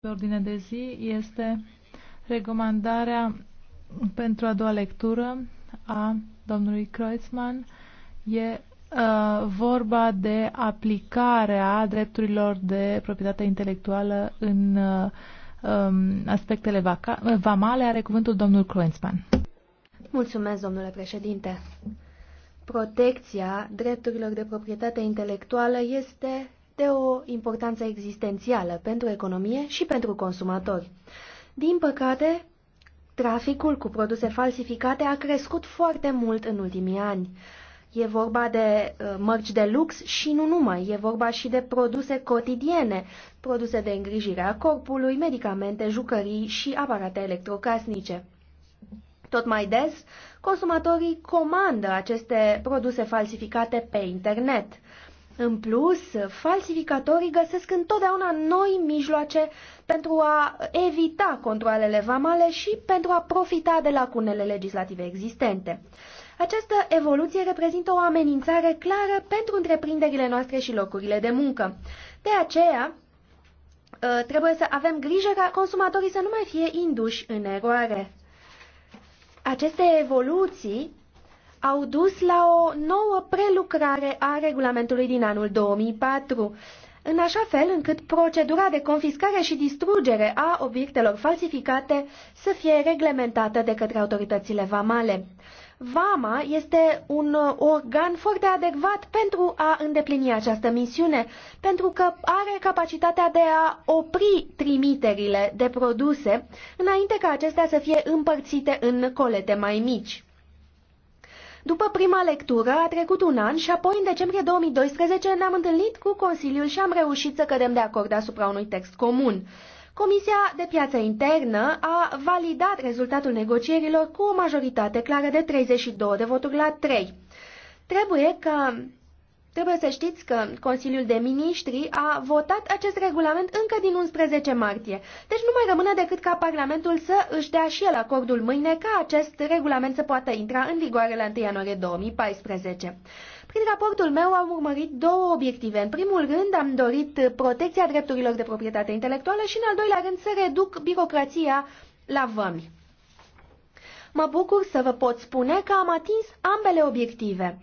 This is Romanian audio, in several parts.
pe ordine de zi este recomandarea pentru a doua lectură a domnului Kreutzmann. E uh, vorba de aplicarea drepturilor de proprietate intelectuală în uh, um, aspectele vamale. Are cuvântul domnul Kreutzmann. Mulțumesc, domnule președinte. Protecția drepturilor de proprietate intelectuală este de o importanță existențială pentru economie și pentru consumatori. Din păcate, traficul cu produse falsificate a crescut foarte mult în ultimii ani. E vorba de uh, mărci de lux și nu numai, e vorba și de produse cotidiene, produse de îngrijire a corpului, medicamente, jucării și aparate electrocasnice. Tot mai des, consumatorii comandă aceste produse falsificate pe internet. În plus, falsificatorii găsesc întotdeauna noi mijloace pentru a evita controalele vamale și pentru a profita de lacunele legislative existente. Această evoluție reprezintă o amenințare clară pentru întreprinderile noastre și locurile de muncă. De aceea, ă, trebuie să avem grijă ca consumatorii să nu mai fie induși în eroare. Aceste evoluții au dus la o nouă prelucrare a regulamentului din anul 2004, în așa fel încât procedura de confiscare și distrugere a obiectelor falsificate să fie reglementată de către autoritățile vamale. Vama este un organ foarte adecvat pentru a îndeplini această misiune, pentru că are capacitatea de a opri trimiterile de produse înainte ca acestea să fie împărțite în colete mai mici. După prima lectură a trecut un an și apoi în decembrie 2012 ne-am întâlnit cu Consiliul și am reușit să cădem de acord asupra unui text comun. Comisia de Piață Internă a validat rezultatul negocierilor cu o majoritate clară de 32 de voturi la 3. Trebuie ca Trebuie să știți că Consiliul de Ministri a votat acest regulament încă din 11 martie, deci nu mai rămâne decât ca Parlamentul să își dea și el acordul mâine ca acest regulament să poată intra în vigoare la 1 ianuarie 2014. Prin raportul meu am urmărit două obiective. În primul rând am dorit protecția drepturilor de proprietate intelectuală și în al doilea rând să reduc birocrația la vămi. Mă bucur să vă pot spune că am atins ambele obiective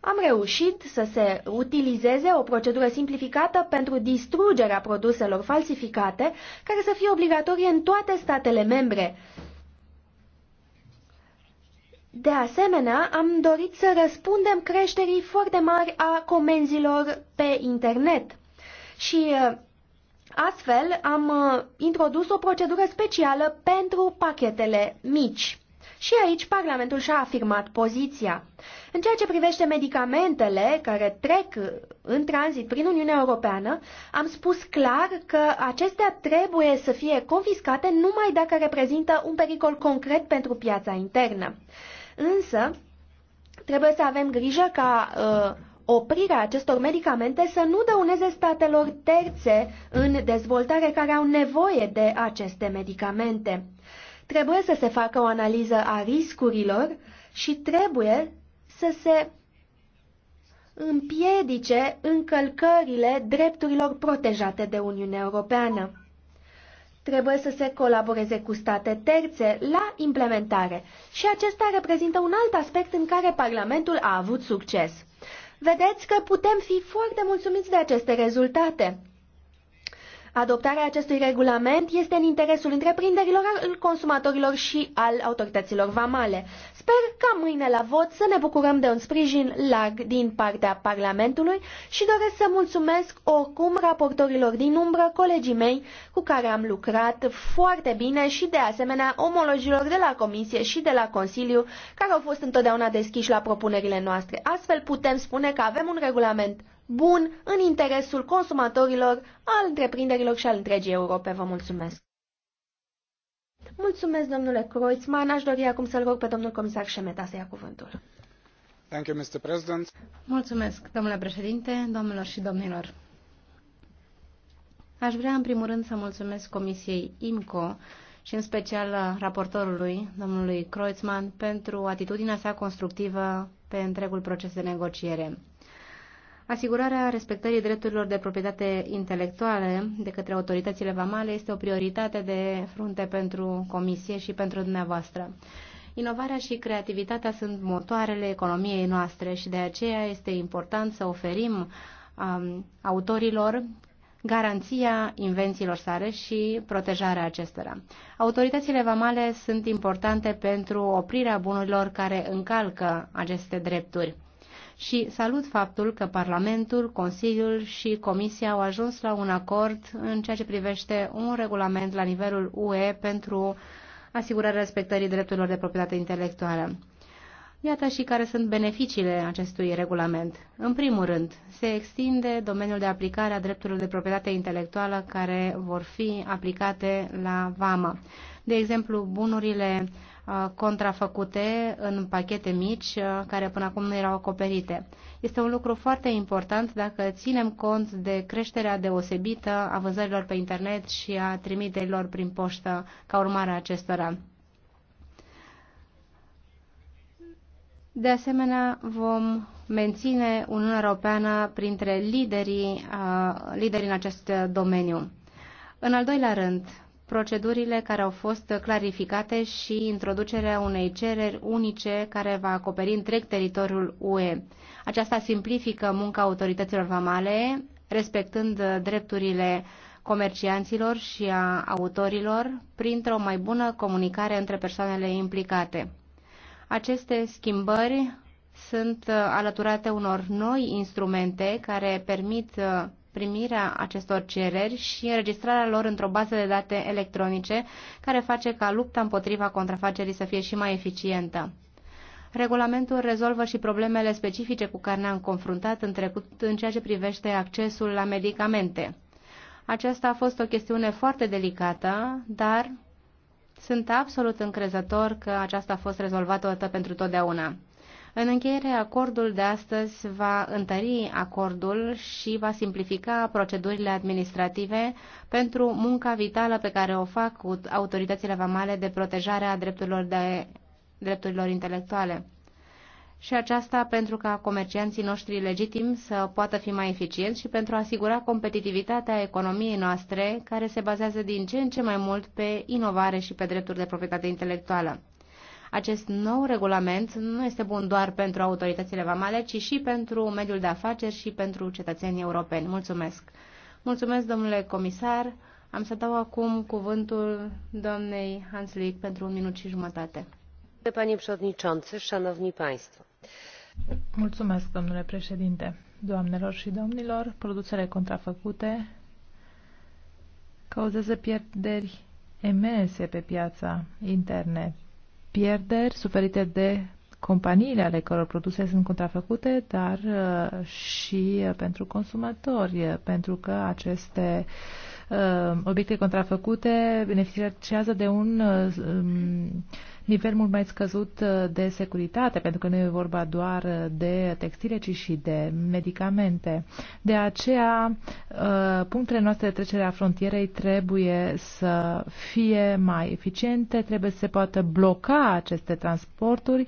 am reușit să se utilizeze o procedură simplificată pentru distrugerea produselor falsificate, care să fie obligatorie în toate statele membre. De asemenea, am dorit să răspundem creșterii foarte mari a comenzilor pe internet. Și uh, astfel am uh, introdus o procedură specială pentru pachetele mici. Și aici Parlamentul și-a afirmat poziția. În ceea ce privește medicamentele care trec în tranzit prin Uniunea Europeană, am spus clar că acestea trebuie să fie confiscate numai dacă reprezintă un pericol concret pentru piața internă. Însă, trebuie să avem grijă ca uh, oprirea acestor medicamente să nu dăuneze statelor terțe în dezvoltare care au nevoie de aceste medicamente. Trebuie să se facă o analiză a riscurilor și trebuie să se împiedice încălcările drepturilor protejate de Uniunea Europeană. Trebuie să se colaboreze cu state terțe la implementare și acesta reprezintă un alt aspect în care Parlamentul a avut succes. Vedeți că putem fi foarte mulțumiți de aceste rezultate. Adoptarea acestui regulament este în interesul întreprinderilor, al consumatorilor și al autorităților vamale. Sper ca mâine la vot să ne bucurăm de un sprijin larg din partea Parlamentului și doresc să mulțumesc oricum raportorilor din umbră, colegii mei cu care am lucrat foarte bine și de asemenea omologilor de la Comisie și de la Consiliu care au fost întotdeauna deschiși la propunerile noastre. Astfel putem spune că avem un regulament bun în interesul consumatorilor, al întreprinderilor și al întregii Europe. Vă mulțumesc! Mulțumesc, domnule Kreuzmann. Aș dori acum să-l rog pe domnul comisar Șemeta să ia cuvântul. Thank you, Mr. President. Mulțumesc, domnule președinte, domnilor și domnilor. Aș vrea, în primul rând, să mulțumesc Comisiei IMCO și în special raportorului, domnului Kreuzmann, pentru atitudinea sa constructivă pe întregul proces de negociere. Asigurarea respectării drepturilor de proprietate intelectuale de către autoritățile vamale este o prioritate de frunte pentru Comisie și pentru dumneavoastră. Inovarea și creativitatea sunt motoarele economiei noastre și de aceea este important să oferim um, autorilor garanția invențiilor sale și protejarea acestora. Autoritățile vamale sunt importante pentru oprirea bunurilor care încalcă aceste drepturi și salut faptul că Parlamentul, Consiliul și Comisia au ajuns la un acord în ceea ce privește un regulament la nivelul UE pentru asigurarea respectării drepturilor de proprietate intelectuală. Iată și care sunt beneficiile acestui regulament. În primul rând, se extinde domeniul de aplicare a drepturilor de proprietate intelectuală care vor fi aplicate la VAMA. De exemplu, bunurile Uh, contrafăcute în pachete mici uh, care până acum nu erau acoperite. Este un lucru foarte important dacă ținem cont de creșterea deosebită a vânzărilor pe internet și a trimiterilor prin poștă ca urmare a acestora. De asemenea, vom menține Uniunea Europeană printre liderii, uh, liderii în acest domeniu. În al doilea rând, procedurile care au fost clarificate și introducerea unei cereri unice care va acoperi întreg teritoriul UE. Aceasta simplifică munca autorităților vamale, respectând drepturile comercianților și a autorilor printr-o mai bună comunicare între persoanele implicate. Aceste schimbări sunt alăturate unor noi instrumente care permit primirea acestor cereri și înregistrarea lor într-o bază de date electronice, care face ca lupta împotriva contrafacerii să fie și mai eficientă. Regulamentul rezolvă și problemele specifice cu care ne-am confruntat în trecut în ceea ce privește accesul la medicamente. Aceasta a fost o chestiune foarte delicată, dar sunt absolut încrezător că aceasta a fost rezolvată pentru totdeauna. În încheiere, acordul de astăzi va întări acordul și va simplifica procedurile administrative pentru munca vitală pe care o fac autoritățile vamale de protejare a drepturilor, de, drepturilor intelectuale și aceasta pentru ca comercianții noștri legitimi să poată fi mai eficienți și pentru a asigura competitivitatea economiei noastre, care se bazează din ce în ce mai mult pe inovare și pe drepturi de proprietate intelectuală. Acest nou regulament nu este bun doar pentru autoritățile vamale, ci și pentru mediul de afaceri și pentru cetățenii europeni. Mulțumesc! Mulțumesc, domnule comisar! Am să dau acum cuvântul doamnei Hanslik pentru un minut și jumătate. Panie Przewodniczący, Szanowni Państwo. Mulțumesc, domnule președinte. Doamnelor și domnilor, produsele contrafăcute cauzează pierderi imense pe piața internet pierderi suferite de companiile ale căror produse sunt contrafăcute, dar uh, și uh, pentru consumatori, uh, pentru că aceste obiecte contrafăcute beneficiază de un um, nivel mult mai scăzut uh, de securitate, pentru că nu e vorba doar uh, de textile, ci și de medicamente. De aceea, uh, punctele noastre de trecere a frontierei trebuie să fie mai eficiente, trebuie să se poată bloca aceste transporturi,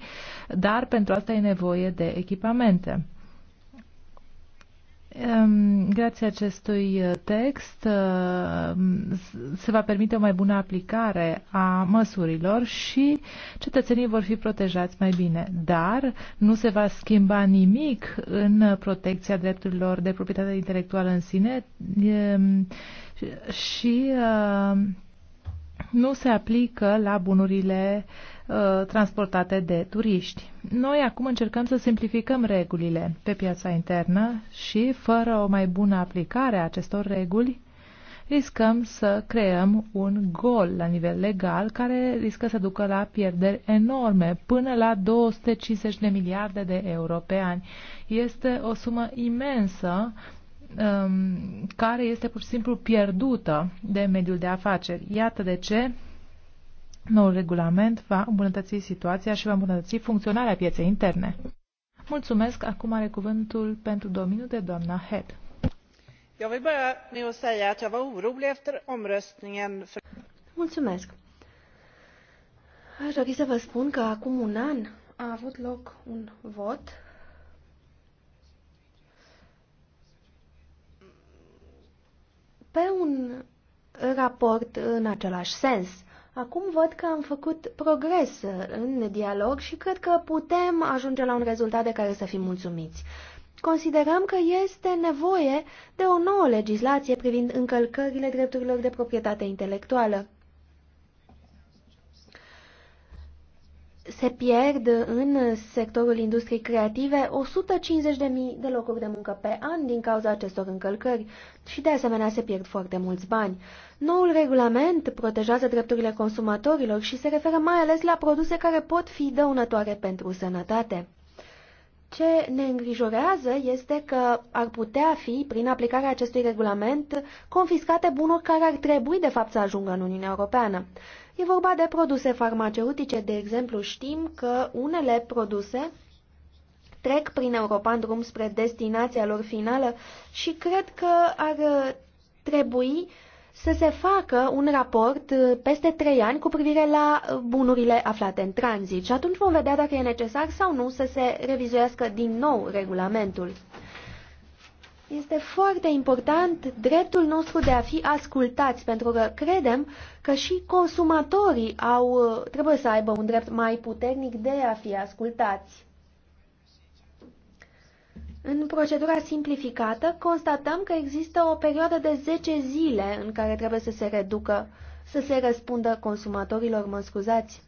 dar pentru asta e nevoie de echipamente. Ehm, grație acestui uh, text ehm, se va permite o mai bună aplicare a măsurilor și cetățenii vor fi protejați mai bine, dar nu se va schimba nimic în protecția drepturilor de proprietate intelectuală în sine ehm, și nu se aplică la bunurile Uh, transportate de turiști. Noi acum încercăm să simplificăm regulile pe piața internă și, fără o mai bună aplicare a acestor reguli, riscăm să creăm un gol la nivel legal care riscă să ducă la pierderi enorme, până la 250 de miliarde de euro pe an. Este o sumă imensă um, care este pur și simplu pierdută de mediul de afaceri. Iată de ce Noul regulament va îmbunătăți situația și va îmbunătăți funcționarea pieței interne. Mulțumesc. Acum are cuvântul pentru două minute doamna Head. Mulțumesc. Aș dori să vă spun că acum un an a avut loc un vot pe un raport în același sens – Acum văd că am făcut progres în dialog și cred că putem ajunge la un rezultat de care să fim mulțumiți. Considerăm că este nevoie de o nouă legislație privind încălcările drepturilor de proprietate intelectuală. se pierd în sectorul industriei creative 150.000 de locuri de muncă pe an din cauza acestor încălcări și de asemenea se pierd foarte mulți bani. Noul regulament protejează drepturile consumatorilor și se referă mai ales la produse care pot fi dăunătoare pentru sănătate. Ce ne îngrijorează este că ar putea fi, prin aplicarea acestui regulament, confiscate bunuri care ar trebui, de fapt, să ajungă în Uniunea Europeană. E vorba de produse farmaceutice, de exemplu, știm că unele produse trec prin Europa în drum spre destinația lor finală și cred că ar trebui uh, să se facă un raport uh, peste trei ani cu privire la uh, bunurile aflate în tranzit și atunci vom vedea dacă e necesar sau nu să se revizuiască din nou regulamentul. Este foarte important dreptul nostru de a fi ascultați, pentru că credem că și consumatorii au, uh, trebuie să aibă un drept mai puternic de a fi ascultați. În procedura simplificată, constatăm că există o perioadă de 10 zile în care trebuie să se reducă, să se răspundă consumatorilor, mă scuzați.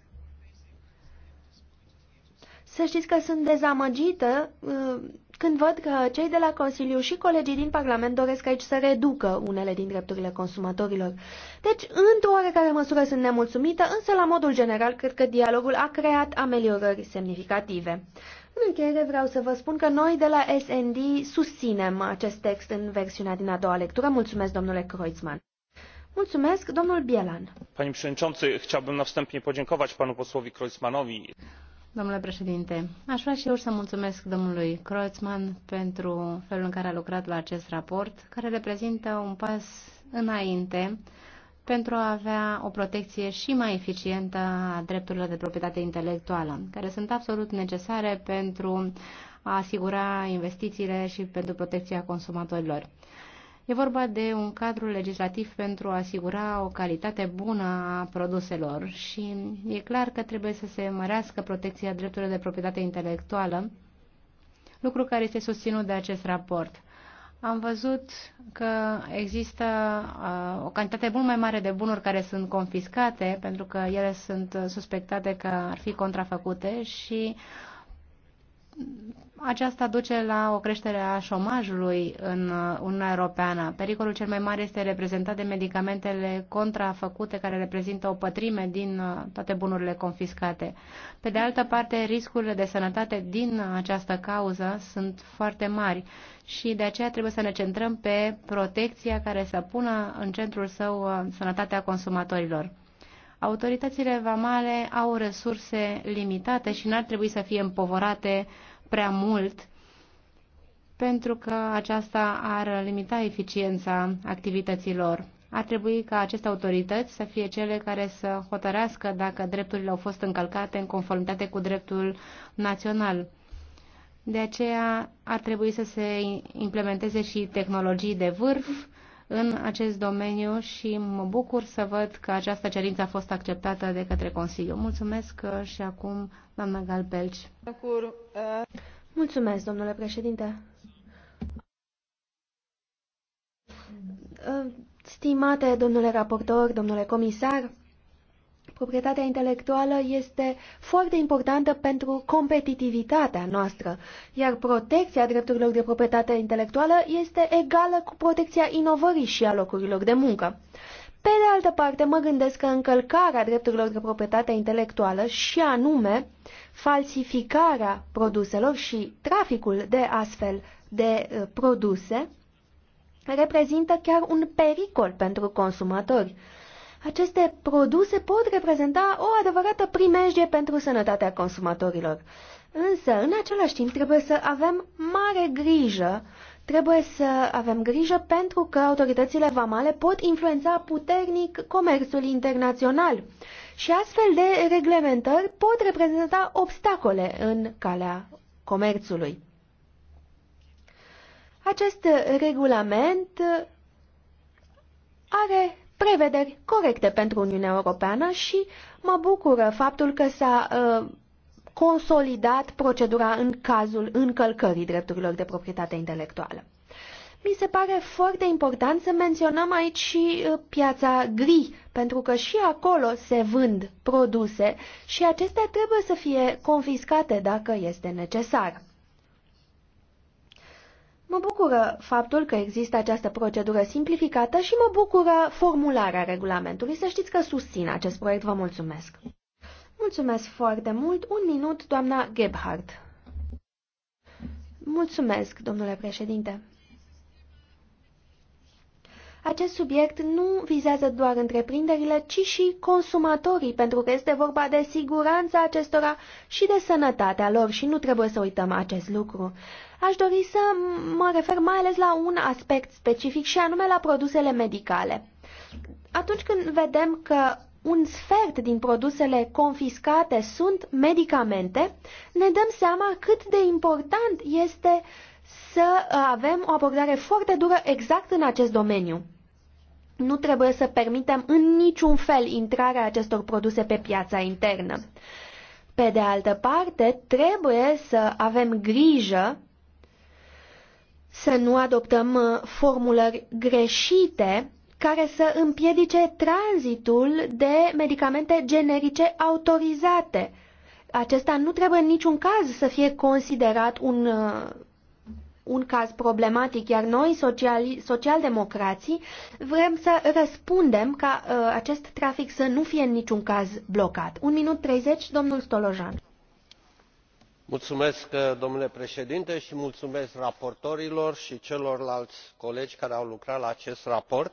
Să știți că sunt dezamăgită uh, când văd că cei de la Consiliu și colegii din Parlament doresc aici să reducă unele din drepturile consumatorilor. Deci, într-o oarecare măsură sunt nemulțumită, însă la modul general cred că dialogul a creat ameliorări semnificative. În încheiere vreau să vă spun că noi de la SND susținem acest text în versiunea din a doua lectură. Mulțumesc, domnule Kreuzmann. Mulțumesc, domnul Bielan. Panie przewodniczący, chciałbym na wstępie podziękować panu posłowi Kreuzmannowi. Domnule președinte, aș vrea și eu să mulțumesc domnului Kreuzmann pentru felul în care a lucrat la acest raport, care reprezintă un pas înainte pentru a avea o protecție și mai eficientă a drepturilor de proprietate intelectuală, care sunt absolut necesare pentru a asigura investițiile și pentru protecția consumatorilor. E vorba de un cadru legislativ pentru a asigura o calitate bună a produselor și e clar că trebuie să se mărească protecția drepturilor de proprietate intelectuală, lucru care este susținut de acest raport am văzut că există uh, o cantitate mult mai mare de bunuri care sunt confiscate pentru că ele sunt suspectate că ar fi contrafăcute și aceasta duce la o creștere a șomajului uh, în Uniunea Europeană. Pericolul cel mai mare este reprezentat de medicamentele contrafăcute, care reprezintă o pătrime din uh, toate bunurile confiscate. Pe de altă parte, riscurile de sănătate din această cauză sunt foarte mari și de aceea trebuie să ne centrăm pe protecția care să pună în centrul său uh, sănătatea consumatorilor. Autoritățile vamale au resurse limitate și n-ar trebui să fie împovorate uh, prea mult pentru că aceasta ar limita eficiența activităților. Ar trebui ca aceste autorități să fie cele care să hotărească dacă drepturile au fost încălcate în conformitate cu dreptul național. De aceea ar trebui să se implementeze și tehnologii de vârf în acest domeniu și mă bucur să văd că această cerință a fost acceptată de către Consiliu. Mulțumesc uh, și acum, doamna Galbelci. Mulțumesc, domnule președinte. Ă, stimate domnule raportor, domnule comisar, proprietatea intelectuală este foarte importantă pentru competitivitatea noastră, iar protecția drepturilor de proprietate intelectuală este egală cu protecția inovării și a locurilor de muncă. Pe de altă parte, mă gândesc că încălcarea drepturilor de proprietate intelectuală și anume falsificarea produselor și traficul de astfel de uh, produse reprezintă chiar un pericol pentru consumatori. Aceste produse pot reprezenta o adevărată primejdie pentru sănătatea consumatorilor. Însă, în același timp, trebuie să avem mare grijă Trebuie să avem grijă pentru că autoritățile vamale pot influența puternic comerțul internațional și astfel de reglementări pot reprezenta obstacole în calea comerțului. Acest regulament are prevederi corecte pentru Uniunea Europeană și mă bucură faptul că s-a uh, consolidat procedura în cazul încălcării drepturilor de proprietate intelectuală. Mi se pare foarte important să menționăm aici și uh, piața gri, pentru că și acolo se vând produse și acestea trebuie să fie confiscate dacă este necesar. Mă bucură faptul că există această procedură simplificată și mă bucură formularea regulamentului. Să știți că susțin acest proiect. Vă mulțumesc! Mulțumesc foarte mult. Un minut, doamna Gebhardt. Mulțumesc, domnule președinte. Acest subiect nu vizează doar întreprinderile, ci și consumatorii, pentru că este vorba de siguranța acestora și de sănătatea lor și nu trebuie să uităm acest lucru. Aș dori să mă refer mai ales la un aspect specific și anume la produsele medicale. Atunci când vedem că un sfert din produsele confiscate sunt medicamente, ne dăm seama cât de important este să uh, avem o abordare foarte dură exact în acest domeniu. Nu trebuie să permitem în niciun fel intrarea acestor produse pe piața internă. Pe de altă parte, trebuie să avem grijă să nu adoptăm uh, formulări greșite care să împiedice tranzitul de medicamente generice autorizate. Acesta nu trebuie în niciun caz să fie considerat un, uh, un caz problematic, iar noi, sociali, socialdemocrații, vrem să răspundem ca uh, acest trafic să nu fie în niciun caz blocat. Un minut 30, domnul Stolojan. Mulțumesc, uh, domnule președinte, și mulțumesc raportorilor și celorlalți colegi care au lucrat la acest raport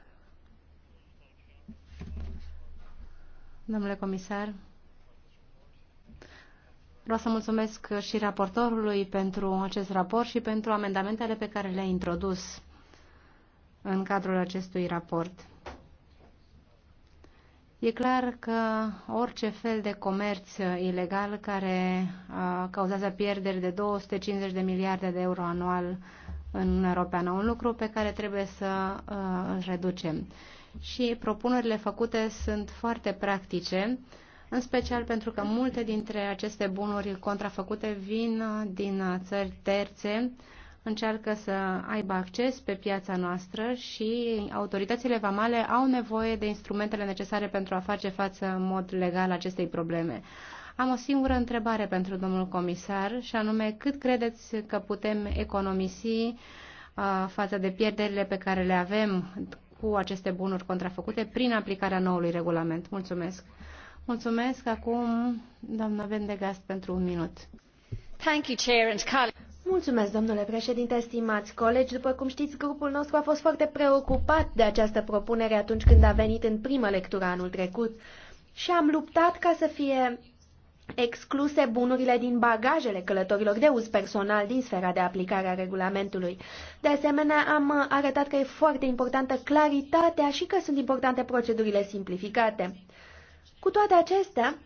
domnule comisar. Vreau să mulțumesc și raportorului pentru acest raport și pentru amendamentele pe care le-a introdus în cadrul acestui raport. E clar că orice fel de comerț ilegal care uh, cauzează pierderi de 250 de miliarde de euro anual în Europeană, un lucru pe care trebuie să uh, îl reducem și propunerile făcute sunt foarte practice, în special pentru că multe dintre aceste bunuri contrafăcute vin din țări terțe, încearcă să aibă acces pe piața noastră și autoritățile vamale au nevoie de instrumentele necesare pentru a face față în mod legal acestei probleme. Am o singură întrebare pentru domnul comisar și anume cât credeți că putem economisi uh, față de pierderile pe care le avem cu aceste bunuri contrafăcute prin aplicarea noului regulament. Mulțumesc! Mulțumesc acum, doamna Vendegast, pentru un minut. Thank you, Chair and Mulțumesc, domnule președinte, stimați colegi. După cum știți, grupul nostru a fost foarte preocupat de această propunere atunci când a venit în primă lectură anul trecut și am luptat ca să fie excluse bunurile din bagajele călătorilor de uz personal din sfera de aplicare a regulamentului. De asemenea, am arătat că e foarte importantă claritatea și că sunt importante procedurile simplificate. Cu toate acestea,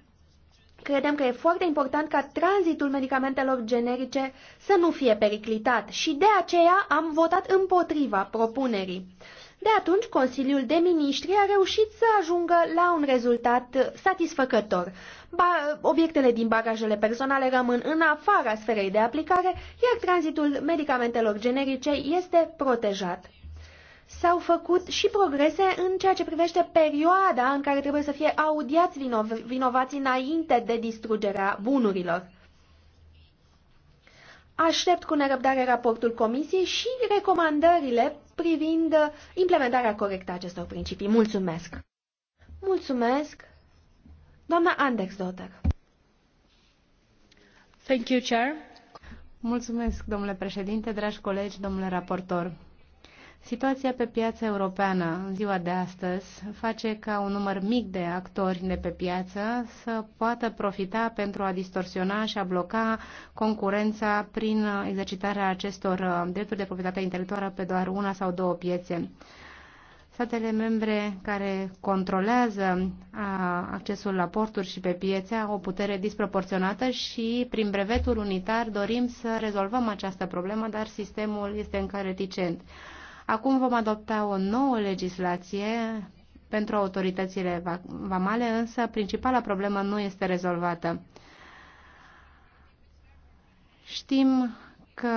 credem că e foarte important ca tranzitul medicamentelor generice să nu fie periclitat și de aceea am votat împotriva propunerii. De atunci, Consiliul de Ministri a reușit să ajungă la un rezultat satisfăcător obiectele din bagajele personale rămân în afara sferei de aplicare, iar tranzitul medicamentelor generice este protejat. S-au făcut și progrese în ceea ce privește perioada în care trebuie să fie audiați vinov- vinovații înainte de distrugerea bunurilor. Aștept cu nerăbdare raportul Comisiei și recomandările privind implementarea corectă a acestor principii. Mulțumesc! Mulțumesc! Doamna Andex Dotter. Thank you, Chair. Mulțumesc, domnule președinte, dragi colegi, domnule raportor. Situația pe piața europeană în ziua de astăzi face ca un număr mic de actori de pe piață să poată profita pentru a distorsiona și a bloca concurența prin exercitarea acestor uh, drepturi de proprietate intelectuală pe doar una sau două piețe. Statele membre care controlează accesul la porturi și pe piețe au o putere disproporționată și prin brevetul unitar dorim să rezolvăm această problemă, dar sistemul este încă reticent. Acum vom adopta o nouă legislație pentru autoritățile vamale, însă principala problemă nu este rezolvată. Știm că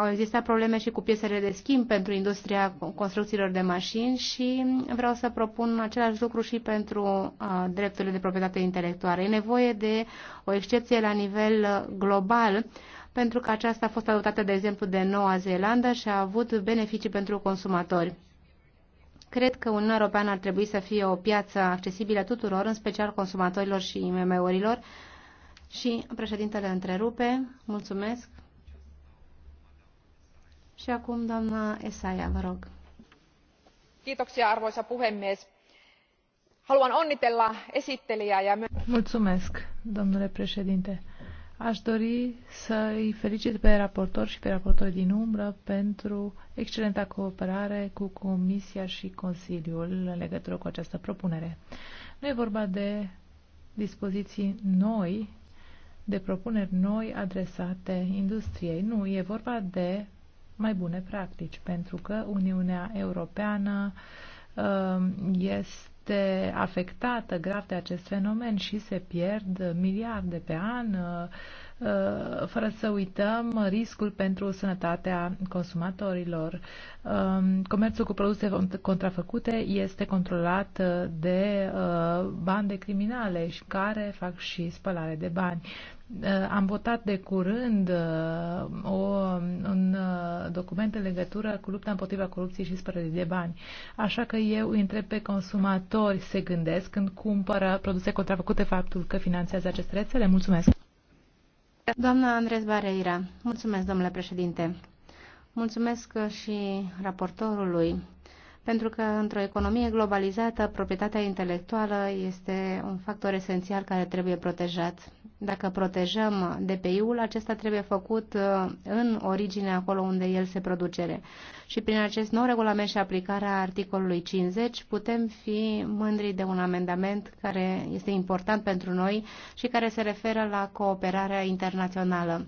au existat probleme și cu piesele de schimb pentru industria construcțiilor de mașini și vreau să propun același lucru și pentru drepturile de proprietate intelectuală. E nevoie de o excepție la nivel global pentru că aceasta a fost adoptată, de exemplu, de Noua Zeelandă și a avut beneficii pentru consumatori. Cred că Uniunea Europeană ar trebui să fie o piață accesibilă tuturor, în special consumatorilor și IMM-urilor. Și președintele întrerupe. Mulțumesc. Și acum, doamna Esaia, vă rog. Kiitoksia, arvoisa puhemies. Haluan onnitella esittelijää ja... Mulțumesc, domnule președinte. Aș dori să îi felicit pe raportor și pe raportori din umbră pentru excelenta cooperare cu Comisia și Consiliul în legătură cu această propunere. Nu e vorba de dispoziții noi, de propuneri noi adresate industriei. Nu, e vorba de mai bune practici, pentru că Uniunea Europeană um, este afectată grav de acest fenomen și se pierd miliarde pe an, uh, uh, fără să uităm riscul pentru sănătatea consumatorilor. Um, comerțul cu produse contrafăcute este controlat uh, de bande criminale și care fac și spălare de bani. Am votat de curând o, un document în legătură cu lupta împotriva corupției și spălării de bani. Așa că eu îi întreb pe consumatori se gândesc când cumpără produse contrafăcute faptul că finanțează aceste rețele. Mulțumesc! Doamna Andres Bareira, mulțumesc, domnule președinte. Mulțumesc și raportorului pentru că într-o economie globalizată, proprietatea intelectuală este un factor esențial care trebuie protejat. Dacă protejăm DPI-ul, acesta trebuie făcut uh, în origine, acolo unde el se produce. Și prin acest nou regulament și aplicarea articolului 50, putem fi mândri de un amendament care este important pentru noi și care se referă la cooperarea internațională.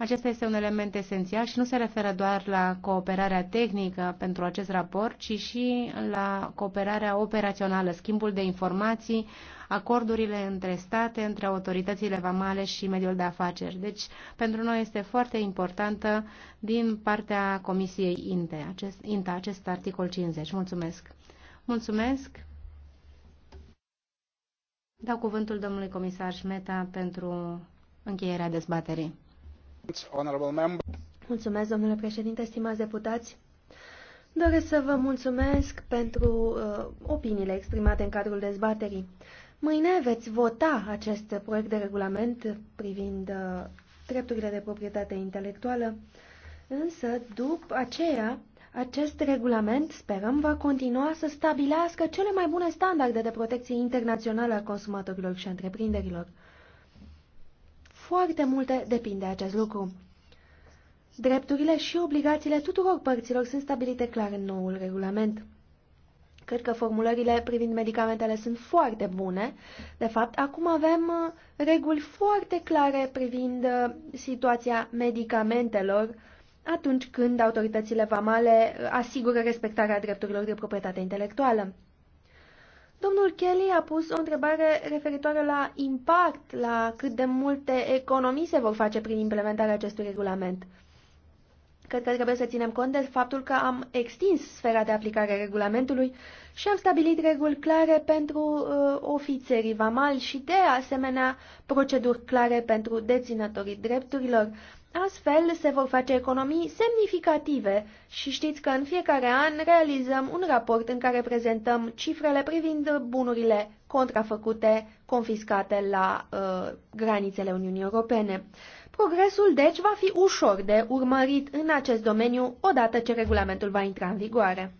Acesta este un element esențial și nu se referă doar la cooperarea tehnică pentru acest raport, ci și la cooperarea operațională, schimbul de informații, acordurile între state, între autoritățile vamale și mediul de afaceri. Deci, pentru noi este foarte importantă din partea Comisiei INTE, acest, INTA, acest articol 50. Mulțumesc! Mulțumesc! Dau cuvântul domnului comisar Șmeta pentru încheierea dezbaterii. Mulțumesc, domnule președinte, stimați deputați. Doresc să vă mulțumesc pentru uh, opiniile exprimate în cadrul dezbaterii. Mâine veți vota acest proiect de regulament privind uh, drepturile de proprietate intelectuală, însă după aceea acest regulament, sperăm, va continua să stabilească cele mai bune standarde de protecție internațională a consumatorilor și a întreprinderilor. Foarte multe depinde acest lucru. Drepturile și obligațiile tuturor părților sunt stabilite clar în noul regulament. Cred că formulările privind medicamentele sunt foarte bune. De fapt, acum avem uh, reguli foarte clare privind uh, situația medicamentelor atunci când autoritățile vamale uh, asigură respectarea drepturilor de proprietate intelectuală. Domnul Kelly a pus o întrebare referitoare la impact, la cât de multe economii se vor face prin implementarea acestui regulament. Cred că trebuie să ținem cont de faptul că am extins sfera de aplicare a regulamentului și am stabilit reguli clare pentru uh, ofițerii vamali și, de asemenea, proceduri clare pentru deținătorii drepturilor. Astfel se vor face economii semnificative și știți că în fiecare an realizăm un raport în care prezentăm cifrele privind bunurile contrafăcute, confiscate la uh, granițele Uniunii Europene. Progresul, deci, va fi ușor de urmărit în acest domeniu odată ce regulamentul va intra în vigoare.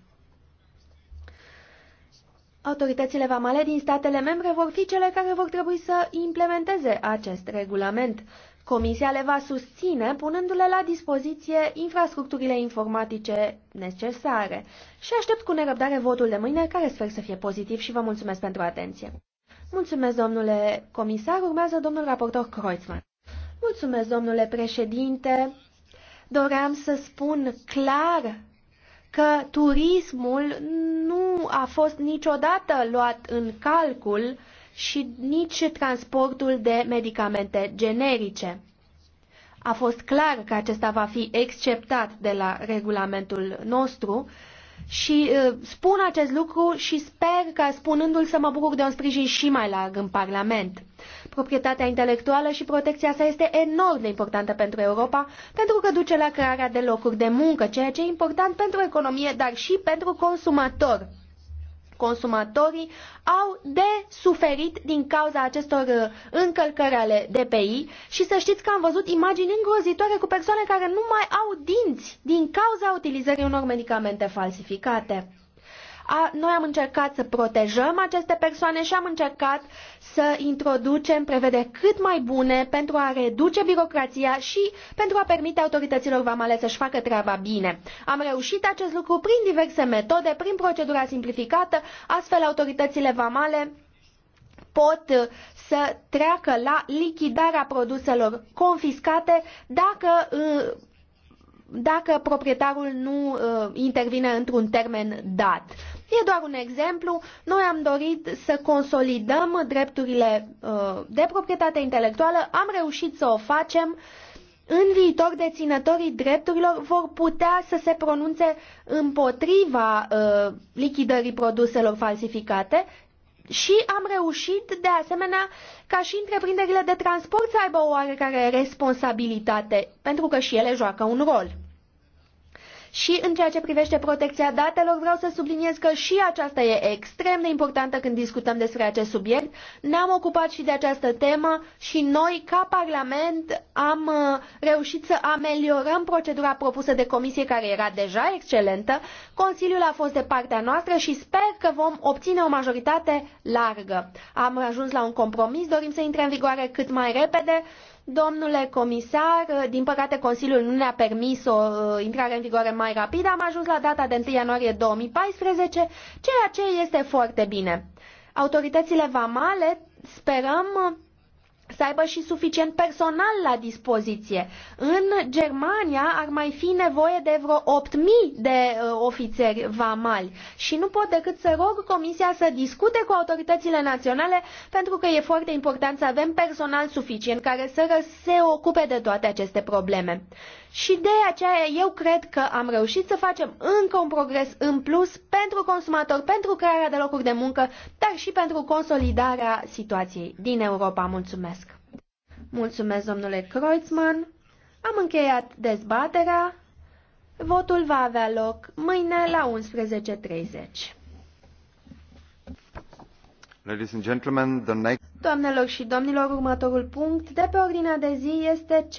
Autoritățile vamale din statele membre vor fi cele care vor trebui să implementeze acest regulament. Comisia le va susține punându-le la dispoziție infrastructurile informatice necesare și aștept cu nerăbdare votul de mâine, care sper să fie pozitiv și vă mulțumesc pentru atenție. Mulțumesc, domnule comisar. Urmează domnul raportor Kreuzmann. Mulțumesc, domnule președinte. Doream să spun clar că turismul nu a fost niciodată luat în calcul și nici transportul de medicamente generice. A fost clar că acesta va fi exceptat de la regulamentul nostru și uh, spun acest lucru și sper că spunându-l să mă bucur de un sprijin și mai larg în Parlament. Proprietatea intelectuală și protecția sa este enorm de importantă pentru Europa, pentru că duce la crearea de locuri de muncă, ceea ce e important pentru economie, dar și pentru consumator consumatorii au de suferit din cauza acestor uh, încălcări ale DPI și să știți că am văzut imagini îngrozitoare cu persoane care nu mai au dinți din cauza utilizării unor medicamente falsificate. A, noi am încercat să protejăm aceste persoane și am încercat să introducem prevederi cât mai bune pentru a reduce birocrația și pentru a permite autorităților vamale să-și facă treaba bine. Am reușit acest lucru prin diverse metode, prin procedura simplificată, astfel autoritățile vamale pot să treacă la lichidarea produselor confiscate dacă uh, dacă proprietarul nu uh, intervine într-un termen dat. E doar un exemplu. Noi am dorit să consolidăm drepturile uh, de proprietate intelectuală, am reușit să o facem. În viitor, deținătorii drepturilor vor putea să se pronunțe împotriva uh, lichidării produselor falsificate și am reușit, de asemenea, ca și întreprinderile de transport să aibă o oarecare responsabilitate, pentru că și ele joacă un rol. Și în ceea ce privește protecția datelor, vreau să subliniez că și aceasta e extrem de importantă când discutăm despre acest subiect. Ne-am ocupat și de această temă și noi, ca Parlament, am uh, reușit să ameliorăm procedura propusă de comisie, care era deja excelentă. Consiliul a fost de partea noastră și sper că vom obține o majoritate largă. Am ajuns la un compromis, dorim să intre în vigoare cât mai repede Domnule comisar, din păcate Consiliul nu ne-a permis o uh, intrare în vigoare mai rapidă. Am ajuns la data de 1 ianuarie 2014, ceea ce este foarte bine. Autoritățile vamale, sperăm, să aibă și suficient personal la dispoziție. În Germania ar mai fi nevoie de vreo 8.000 de uh, ofițeri vamali și nu pot decât să rog Comisia să discute cu autoritățile naționale pentru că e foarte important să avem personal suficient care să se ocupe de toate aceste probleme și de aceea eu cred că am reușit să facem încă un progres în plus pentru consumator, pentru crearea de locuri de muncă, dar și pentru consolidarea situației din Europa. Mulțumesc! Mulțumesc, domnule Kreutzmann. Am încheiat dezbaterea. Votul va avea loc mâine la 11.30. Ladies and gentlemen, the next... Doamnelor și domnilor, următorul punct de pe ordinea de zi este cel